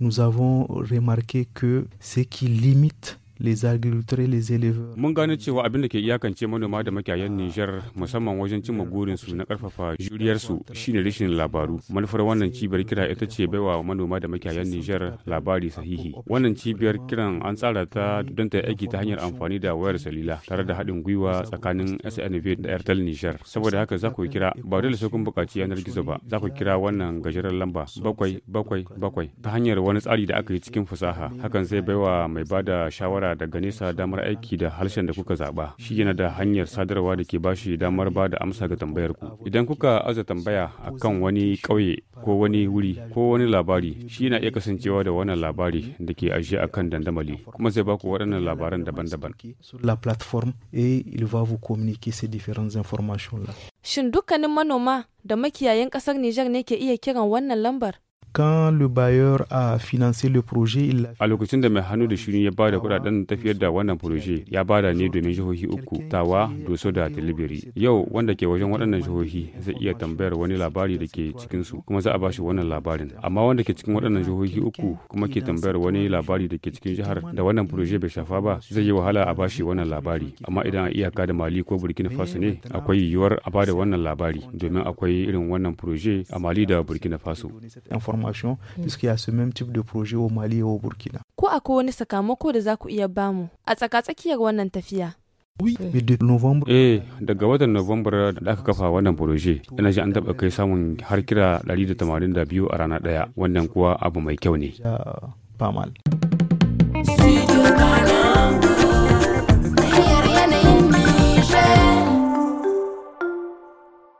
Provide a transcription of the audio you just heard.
nous avons remarqué que ce qui limite les agriculteurs les éleveurs. Mun gano cewa abin da ke iyakance manoma da makiyayan Nijar musamman wajen cimma su na karfafa juriyarsu shine rashin labaru. Manufar wannan cibiyar kira ita ce baiwa manoma da makiyayan Nijar labari sahihi. Wannan cibiyar kiran an tsara ta don ta aiki ta hanyar amfani da wayar salila tare da haɗin gwiwa tsakanin SNV da Airtel Nijar. Saboda haka za ku kira ba dole sai kun buƙaci yanar gizo ba. Za ku kira wannan gajeren lamba bakwai bakwai bakwai ta hanyar wani tsari da aka yi cikin fasaha. Hakan zai baiwa mai bada shawara saurara daga nesa damar aiki da harshen da kuka zaba shi yana da hanyar sadarwa da ke bashi damar ba da amsa ga tambayar ku idan kuka aza tambaya akan wani ƙauye ko wani wuri ko wani labari shi yana iya kasancewa da wannan labari da ke ajiye akan dandamali kuma zai baku waɗannan labaran daban-daban Shin dukkanin manoma da makiyayin ƙasar Nijar ne ke iya kiran wannan lambar? quand le bailleur a financé le projet, il a... lokacin da mai hannu da shirin ya ba da kudaden tafiyar da wannan proje ya ba da ne domin jihohi uku, Tawa, Doso da Tilibiri. Yau wanda ke wajen waɗannan jihohi zai iya tambayar wani labari da ke cikin su kuma za a ba shi wannan labarin. Amma wanda ke cikin waɗannan jihohi uku kuma ke tambayar wani labari da ke cikin jihar da wannan proje bai shafa ba zai yi wahala a ba shi wannan labari. Amma idan a iyaka da Mali ko Burkina Faso ne akwai yiwuwar a ba da wannan labari domin akwai irin wannan proje a Mali da Burkina Faso. formation puisqu'il y a ce même type de projet au Mali et au Burkina. Ko akwai wani sakamako da za ku iya bamu a tsakatsakiyar wannan tafiya? Oui, novembre. Eh, daga watan Nuwambar da aka kafa wannan furoje, ina ji an taɓa kai samun har kira 182 a rana ɗaya, wannan kuwa abu mai kyau ne. Ba mal.